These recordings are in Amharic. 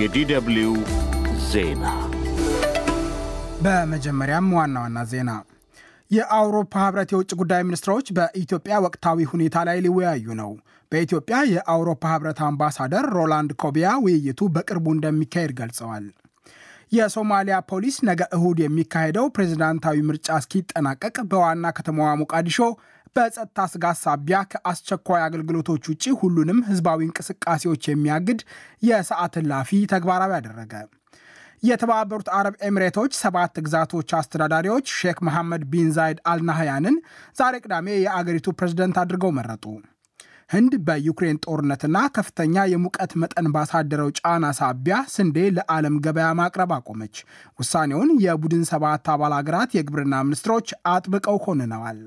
የዲደብሊው ዜና በመጀመሪያም ዋና ዋና ዜና የአውሮፓ ህብረት የውጭ ጉዳይ ሚኒስትሮች በኢትዮጵያ ወቅታዊ ሁኔታ ላይ ሊወያዩ ነው። በኢትዮጵያ የአውሮፓ ህብረት አምባሳደር ሮላንድ ኮቢያ ውይይቱ በቅርቡ እንደሚካሄድ ገልጸዋል። የሶማሊያ ፖሊስ ነገ እሁድ የሚካሄደው ፕሬዝዳንታዊ ምርጫ እስኪጠናቀቅ በዋና ከተማዋ ሞቃዲሾ በጸጥታ ስጋት ሳቢያ ከአስቸኳይ አገልግሎቶች ውጭ ሁሉንም ህዝባዊ እንቅስቃሴዎች የሚያግድ የሰዓት እላፊ ተግባራዊ አደረገ። የተባበሩት አረብ ኤሚሬቶች ሰባት ግዛቶች አስተዳዳሪዎች ሼክ መሐመድ ቢን ዛይድ አልናህያንን ዛሬ ቅዳሜ የአገሪቱ ፕሬዝደንት አድርገው መረጡ። ህንድ በዩክሬን ጦርነትና ከፍተኛ የሙቀት መጠን ባሳደረው ጫና ሳቢያ ስንዴ ለዓለም ገበያ ማቅረብ አቆመች። ውሳኔውን የቡድን ሰባት አባል ሀገራት የግብርና ሚኒስትሮች አጥብቀው ኮንነዋል።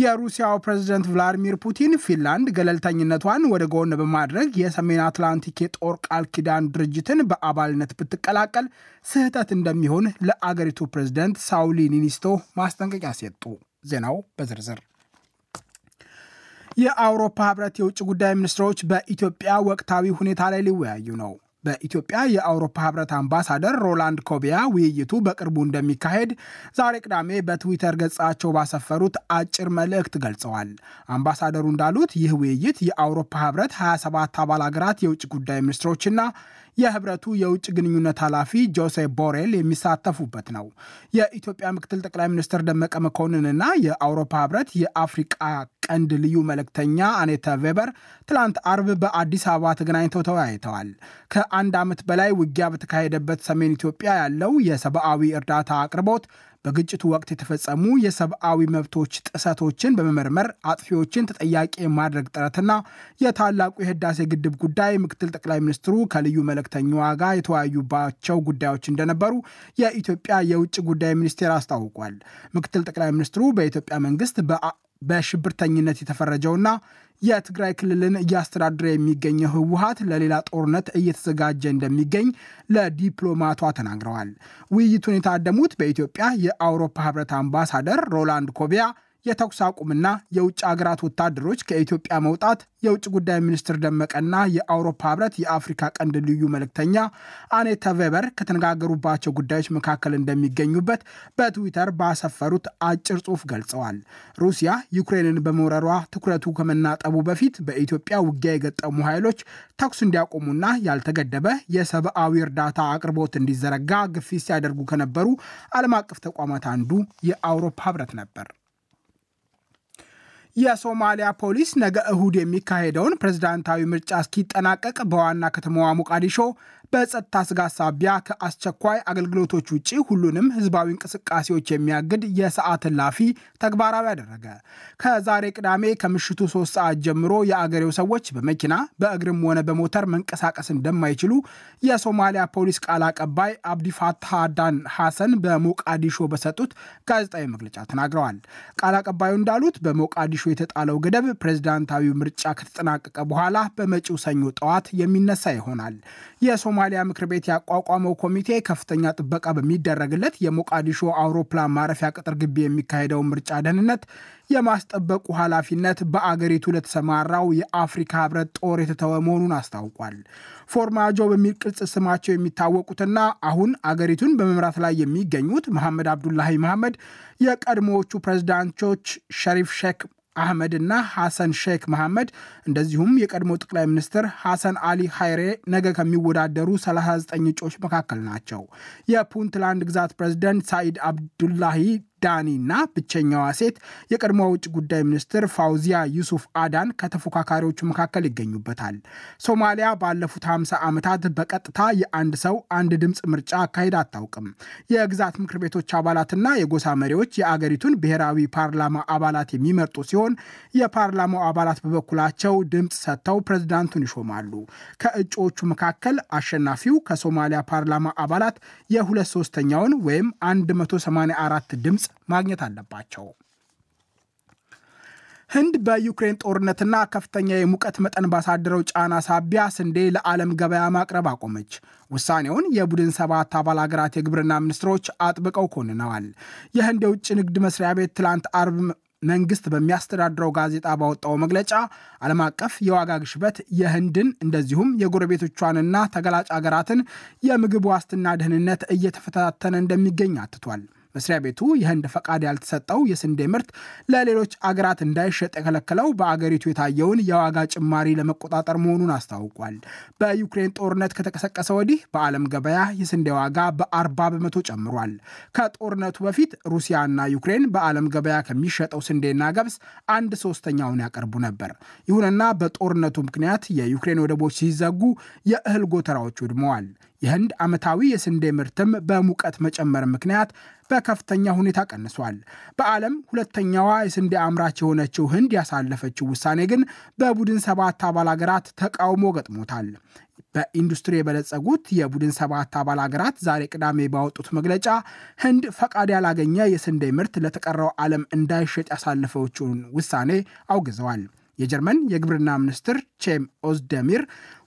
የሩሲያው ፕሬዚደንት ቭላዲሚር ፑቲን ፊንላንድ ገለልተኝነቷን ወደ ጎን በማድረግ የሰሜን አትላንቲክ የጦር ቃል ኪዳን ድርጅትን በአባልነት ብትቀላቀል ስህተት እንደሚሆን ለአገሪቱ ፕሬዝደንት ሳውሊ ኒኒስቶ ማስጠንቀቂያ ሰጡ። ዜናው በዝርዝር የአውሮፓ ህብረት የውጭ ጉዳይ ሚኒስትሮች በኢትዮጵያ ወቅታዊ ሁኔታ ላይ ሊወያዩ ነው። በኢትዮጵያ የአውሮፓ ህብረት አምባሳደር ሮላንድ ኮቢያ ውይይቱ በቅርቡ እንደሚካሄድ ዛሬ ቅዳሜ በትዊተር ገጻቸው ባሰፈሩት አጭር መልእክት ገልጸዋል። አምባሳደሩ እንዳሉት ይህ ውይይት የአውሮፓ ህብረት 27 አባል አገራት የውጭ ጉዳይ ሚኒስትሮችና የህብረቱ የውጭ ግንኙነት ኃላፊ ጆሴፕ ቦሬል የሚሳተፉበት ነው። የኢትዮጵያ ምክትል ጠቅላይ ሚኒስትር ደመቀ መኮንንና የአውሮፓ ህብረት የአፍሪቃ ቀንድ ልዩ መልእክተኛ አኔተ ቬበር ትላንት አርብ በአዲስ አበባ ተገናኝተው ተወያይተዋል። ከአንድ ዓመት በላይ ውጊያ በተካሄደበት ሰሜን ኢትዮጵያ ያለው የሰብአዊ እርዳታ አቅርቦት በግጭቱ ወቅት የተፈጸሙ የሰብአዊ መብቶች ጥሰቶችን በመመርመር አጥፊዎችን ተጠያቂ የማድረግ ጥረትና የታላቁ የህዳሴ ግድብ ጉዳይ ምክትል ጠቅላይ ሚኒስትሩ ከልዩ መልእክተኛዋ ጋር የተወያዩባቸው ጉዳዮች እንደነበሩ የኢትዮጵያ የውጭ ጉዳይ ሚኒስቴር አስታውቋል። ምክትል ጠቅላይ ሚኒስትሩ በኢትዮጵያ መንግስት በሽብርተኝነት የተፈረጀውና የትግራይ ክልልን እያስተዳደረ የሚገኘው ህወሀት ለሌላ ጦርነት እየተዘጋጀ እንደሚገኝ ለዲፕሎማቷ ተናግረዋል። ውይይቱን የታደሙት በኢትዮጵያ የአውሮፓ ህብረት አምባሳደር ሮላንድ ኮቢያ የተኩስ አቁምና የውጭ አገራት ወታደሮች ከኢትዮጵያ መውጣት፣ የውጭ ጉዳይ ሚኒስትር ደመቀና የአውሮፓ ህብረት የአፍሪካ ቀንድ ልዩ መልእክተኛ አኔተ ቬበር ከተነጋገሩባቸው ጉዳዮች መካከል እንደሚገኙበት በትዊተር ባሰፈሩት አጭር ጽሑፍ ገልጸዋል። ሩሲያ ዩክሬንን በመውረሯ ትኩረቱ ከመናጠቡ በፊት በኢትዮጵያ ውጊያ የገጠሙ ኃይሎች ተኩስ እንዲያቆሙና ያልተገደበ የሰብአዊ እርዳታ አቅርቦት እንዲዘረጋ ግፊት ሲያደርጉ ከነበሩ ዓለም አቀፍ ተቋማት አንዱ የአውሮፓ ህብረት ነበር። የሶማሊያ ፖሊስ ነገ እሁድ የሚካሄደውን ፕሬዝዳንታዊ ምርጫ እስኪጠናቀቅ በዋና ከተማዋ ሞቃዲሾ በጸጥታ ስጋት ሳቢያ ከአስቸኳይ አገልግሎቶች ውጭ ሁሉንም ህዝባዊ እንቅስቃሴዎች የሚያግድ የሰዓት እላፊ ተግባራዊ አደረገ። ከዛሬ ቅዳሜ ከምሽቱ ሶስት ሰዓት ጀምሮ የአገሬው ሰዎች በመኪና በእግርም ሆነ በሞተር መንቀሳቀስ እንደማይችሉ የሶማሊያ ፖሊስ ቃል አቀባይ አብዲፋታህ ዳን ሐሰን በሞቃዲሾ በሰጡት ጋዜጣዊ መግለጫ ተናግረዋል። ቃል አቀባዩ እንዳሉት በሞቃዲሾ የተጣለው ገደብ ፕሬዝዳንታዊ ምርጫ ከተጠናቀቀ በኋላ በመጪው ሰኞ ጠዋት የሚነሳ ይሆናል። የሶማሊያ ምክር ቤት ያቋቋመው ኮሚቴ ከፍተኛ ጥበቃ በሚደረግለት የሞቃዲሾ አውሮፕላን ማረፊያ ቅጥር ግቢ የሚካሄደው ምርጫ ደህንነት የማስጠበቁ ኃላፊነት በአገሪቱ ለተሰማራው የአፍሪካ ህብረት ጦር የተተወ መሆኑን አስታውቋል። ፎርማጆ በሚል ቅጽ ስማቸው የሚታወቁትና አሁን አገሪቱን በመምራት ላይ የሚገኙት መሐመድ አብዱላሂ መሐመድ የቀድሞዎቹ ፕሬዝዳንቶች ሸሪፍ ሼክ አህመድ እና ሐሰን ሼክ መሐመድ እንደዚሁም የቀድሞ ጠቅላይ ሚኒስትር ሐሰን አሊ ሀይሬ ነገ ከሚወዳደሩ 39 እጩዎች መካከል ናቸው። የፑንትላንድ ግዛት ፕሬዚደንት ሳኢድ አብዱላሂ ዳኒና ብቸኛዋ ሴት የቀድሞ ውጭ ጉዳይ ሚኒስትር ፋውዚያ ዩሱፍ አዳን ከተፎካካሪዎቹ መካከል ይገኙበታል። ሶማሊያ ባለፉት 50 ዓመታት በቀጥታ የአንድ ሰው አንድ ድምፅ ምርጫ አካሄድ አታውቅም። የግዛት ምክር ቤቶች አባላትና የጎሳ መሪዎች የአገሪቱን ብሔራዊ ፓርላማ አባላት የሚመርጡ ሲሆን የፓርላማው አባላት በበኩላቸው ድምፅ ሰጥተው ፕሬዝዳንቱን ይሾማሉ። ከእጩዎቹ መካከል አሸናፊው ከሶማሊያ ፓርላማ አባላት የሁለት ሶስተኛውን ወይም 184 ድምፅ ማግኘት አለባቸው። ህንድ በዩክሬን ጦርነትና ከፍተኛ የሙቀት መጠን ባሳደረው ጫና ሳቢያ ስንዴ ለዓለም ገበያ ማቅረብ አቆመች። ውሳኔውን የቡድን ሰባት አባል ሀገራት የግብርና ሚኒስትሮች አጥብቀው ኮንነዋል። የህንድ የውጭ ንግድ መስሪያ ቤት ትላንት አርብ መንግስት በሚያስተዳድረው ጋዜጣ ባወጣው መግለጫ ዓለም አቀፍ የዋጋ ግሽበት የህንድን እንደዚሁም የጎረቤቶቿንና ተገላጭ ሀገራትን የምግብ ዋስትና ደህንነት እየተፈታተነ እንደሚገኝ አትቷል። መስሪያ ቤቱ የህንድ ፈቃድ ያልተሰጠው የስንዴ ምርት ለሌሎች አገራት እንዳይሸጥ የከለከለው በአገሪቱ የታየውን የዋጋ ጭማሪ ለመቆጣጠር መሆኑን አስታውቋል። በዩክሬን ጦርነት ከተቀሰቀሰ ወዲህ በዓለም ገበያ የስንዴ ዋጋ በአርባ በመቶ ጨምሯል። ከጦርነቱ በፊት ሩሲያና ዩክሬን በዓለም ገበያ ከሚሸጠው ስንዴና ገብስ አንድ ሶስተኛውን ያቀርቡ ነበር። ይሁንና በጦርነቱ ምክንያት የዩክሬን ወደቦች ሲዘጉ የእህል ጎተራዎች ወድመዋል። የህንድ ዓመታዊ የስንዴ ምርትም በሙቀት መጨመር ምክንያት በከፍተኛ ሁኔታ ቀንሷል። በዓለም ሁለተኛዋ የስንዴ አምራች የሆነችው ህንድ ያሳለፈችው ውሳኔ ግን በቡድን ሰባት አባል አገራት ተቃውሞ ገጥሞታል። በኢንዱስትሪ የበለጸጉት የቡድን ሰባት አባል አገራት ዛሬ ቅዳሜ ባወጡት መግለጫ ህንድ ፈቃድ ያላገኘ የስንዴ ምርት ለተቀረው ዓለም እንዳይሸጥ ያሳለፈችውን ውሳኔ አውግዘዋል። የጀርመን የግብርና ሚኒስትር ቼም ኦዝደሚር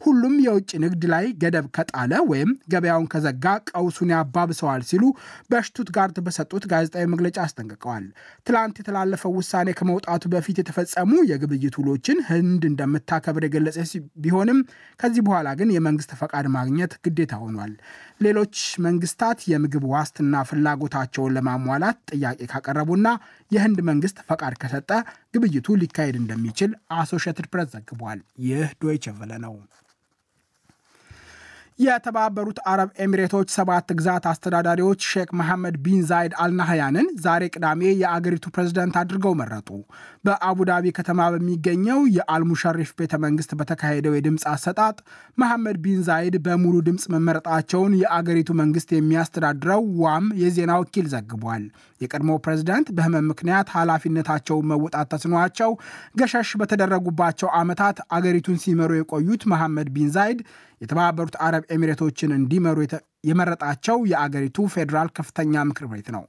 ሁሉም የውጭ ንግድ ላይ ገደብ ከጣለ ወይም ገበያውን ከዘጋ ቀውሱን ያባብሰዋል ሲሉ በሽቱትጋርት በሰጡት ጋዜጣዊ መግለጫ አስጠንቅቀዋል። ትላንት የተላለፈው ውሳኔ ከመውጣቱ በፊት የተፈጸሙ የግብይት ውሎችን ህንድ እንደምታከብር የገለጸ ቢሆንም ከዚህ በኋላ ግን የመንግስት ፈቃድ ማግኘት ግዴታ ሆኗል። ሌሎች መንግስታት የምግብ ዋስትና ፍላጎታቸውን ለማሟላት ጥያቄ ካቀረቡና የህንድ መንግስት ፈቃድ ከሰጠ ግብይቱ ሊካሄድ እንደሚችል አሶሽትድ ፕሬስ ዘግቧል። ይህ ዶይቸ ቬለ ነው። የተባበሩት አረብ ኤሚሬቶች ሰባት ግዛት አስተዳዳሪዎች ሼክ መሐመድ ቢን ዛይድ አልናህያንን ዛሬ ቅዳሜ የአገሪቱ ፕሬዝደንት አድርገው መረጡ። በአቡዳቢ ከተማ በሚገኘው የአልሙሸሪፍ ቤተ መንግስት በተካሄደው የድምፅ አሰጣጥ መሐመድ ቢን ዛይድ በሙሉ ድምፅ መመረጣቸውን የአገሪቱ መንግስት የሚያስተዳድረው ዋም የዜና ወኪል ዘግቧል። የቀድሞ ፕሬዝደንት በህመም ምክንያት ኃላፊነታቸውን መወጣት ተስኗቸው ገሸሽ በተደረጉባቸው ዓመታት አገሪቱን ሲመሩ የቆዩት መሐመድ ቢን ዛይድ የተባበሩት አረብ ኤሚሬቶችን እንዲመሩ የመረጣቸው የአገሪቱ ፌዴራል ከፍተኛ ምክር ቤት ነው።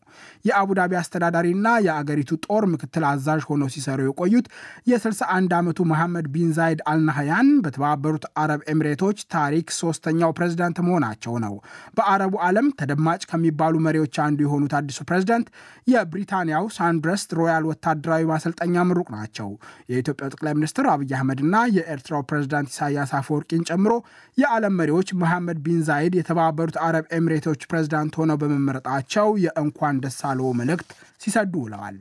የአቡዳቢ አስተዳዳሪና የአገሪቱ ጦር ምክትል አዛዥ ሆነው ሲሰሩ የቆዩት የ61 ዓመቱ መሐመድ ቢን ዛይድ አልናህያን በተባበሩት አረብ ኤምሬቶች ታሪክ ሶስተኛው ፕሬዝዳንት መሆናቸው ነው። በአረቡ ዓለም ተደማጭ ከሚባሉ መሪዎች አንዱ የሆኑት አዲሱ ፕሬዝዳንት የብሪታንያው ሳንድረስት ሮያል ወታደራዊ ማሰልጠኛ ምሩቅ ናቸው። የኢትዮጵያው ጠቅላይ ሚኒስትር አብይ አህመድና የኤርትራው ፕሬዝዳንት ኢሳያስ አፈወርቂን ጨምሮ የዓለም መሪዎች መሐመድ ቢን ዛይድ የተባበሩት አረብ ኤሚሬቶች ፕሬዝዳንት ሆነው በመመረጣቸው የእንኳን ደስ መልእክት ሲሰዱ ውለዋል።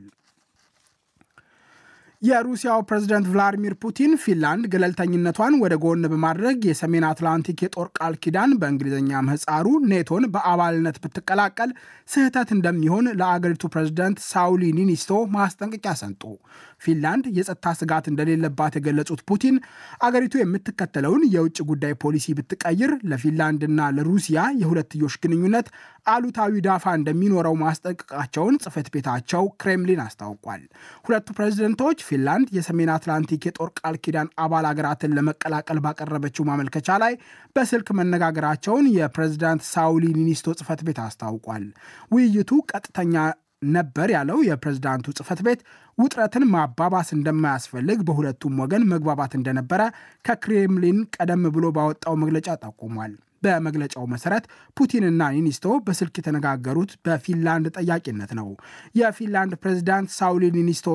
የሩሲያው ፕሬዚደንት ቭላዲሚር ፑቲን ፊንላንድ ገለልተኝነቷን ወደ ጎን በማድረግ የሰሜን አትላንቲክ የጦር ቃል ኪዳን በእንግሊዝኛ ምህፃሩ ኔቶን በአባልነት ብትቀላቀል ስህተት እንደሚሆን ለአገሪቱ ፕሬዝደንት ሳውሊ ኒኒስቶ ማስጠንቀቂያ ሰንጡ። ፊንላንድ የጸጥታ ስጋት እንደሌለባት የገለጹት ፑቲን አገሪቱ የምትከተለውን የውጭ ጉዳይ ፖሊሲ ብትቀይር ለፊንላንድና ለሩሲያ የሁለትዮሽ ግንኙነት አሉታዊ ዳፋ እንደሚኖረው ማስጠንቀቃቸውን ጽህፈት ቤታቸው ክሬምሊን አስታውቋል። ሁለቱ ፕሬዝደንቶች ፊንላንድ የሰሜን አትላንቲክ የጦር ቃል ኪዳን አባል ሀገራትን ለመቀላቀል ባቀረበችው ማመልከቻ ላይ በስልክ መነጋገራቸውን የፕሬዝዳንት ሳውሊ ኒኒስቶ ጽህፈት ቤት አስታውቋል። ውይይቱ ቀጥተኛ ነበር ያለው የፕሬዝዳንቱ ጽህፈት ቤት ውጥረትን ማባባስ እንደማያስፈልግ በሁለቱም ወገን መግባባት እንደነበረ ከክሬምሊን ቀደም ብሎ ባወጣው መግለጫ ጠቁሟል። በመግለጫው መሰረት ፑቲንና ኒኒስቶ በስልክ የተነጋገሩት በፊንላንድ ጠያቂነት ነው። የፊንላንድ ፕሬዚዳንት ሳውሊ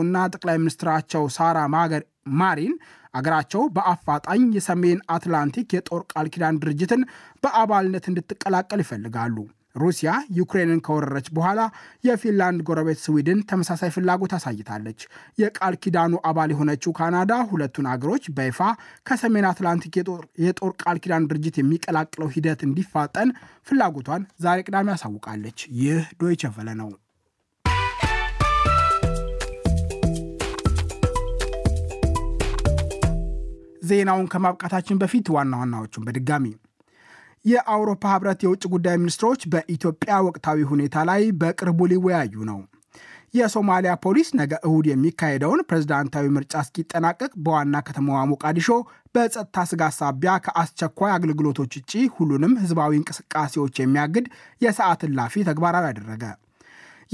እና ጠቅላይ ሚኒስትራቸው ሳራ ማገር ማሪን አገራቸው በአፋጣኝ የሰሜን አትላንቲክ የጦር ቃል ኪዳን ድርጅትን በአባልነት እንድትቀላቀል ይፈልጋሉ። ሩሲያ ዩክሬንን ከወረረች በኋላ የፊንላንድ ጎረቤት ስዊድን ተመሳሳይ ፍላጎት አሳይታለች። የቃል ኪዳኑ አባል የሆነችው ካናዳ ሁለቱን አገሮች በይፋ ከሰሜን አትላንቲክ የጦር ቃል ኪዳን ድርጅት የሚቀላቅለው ሂደት እንዲፋጠን ፍላጎቷን ዛሬ ቅዳሜ አሳውቃለች። ይህ ዶይቸ ቨለ ነው። ዜናውን ከማብቃታችን በፊት ዋና ዋናዎቹን በድጋሚ የአውሮፓ ህብረት የውጭ ጉዳይ ሚኒስትሮች በኢትዮጵያ ወቅታዊ ሁኔታ ላይ በቅርቡ ሊወያዩ ነው። የሶማሊያ ፖሊስ ነገ እሁድ የሚካሄደውን ፕሬዝዳንታዊ ምርጫ እስኪጠናቀቅ በዋና ከተማዋ ሞቃዲሾ በጸጥታ ስጋት ሳቢያ ከአስቸኳይ አገልግሎቶች ውጪ ሁሉንም ህዝባዊ እንቅስቃሴዎች የሚያግድ የሰዓት እላፊ ተግባራዊ አደረገ።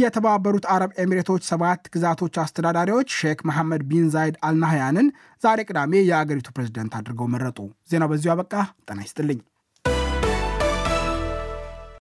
የተባበሩት አረብ ኤሚሬቶች ሰባት ግዛቶች አስተዳዳሪዎች ሼክ መሐመድ ቢን ዛይድ አልናህያንን ዛሬ ቅዳሜ የአገሪቱ ፕሬዝደንት አድርገው መረጡ። ዜናው በዚሁ አበቃ። ጤና ይስጥልኝ።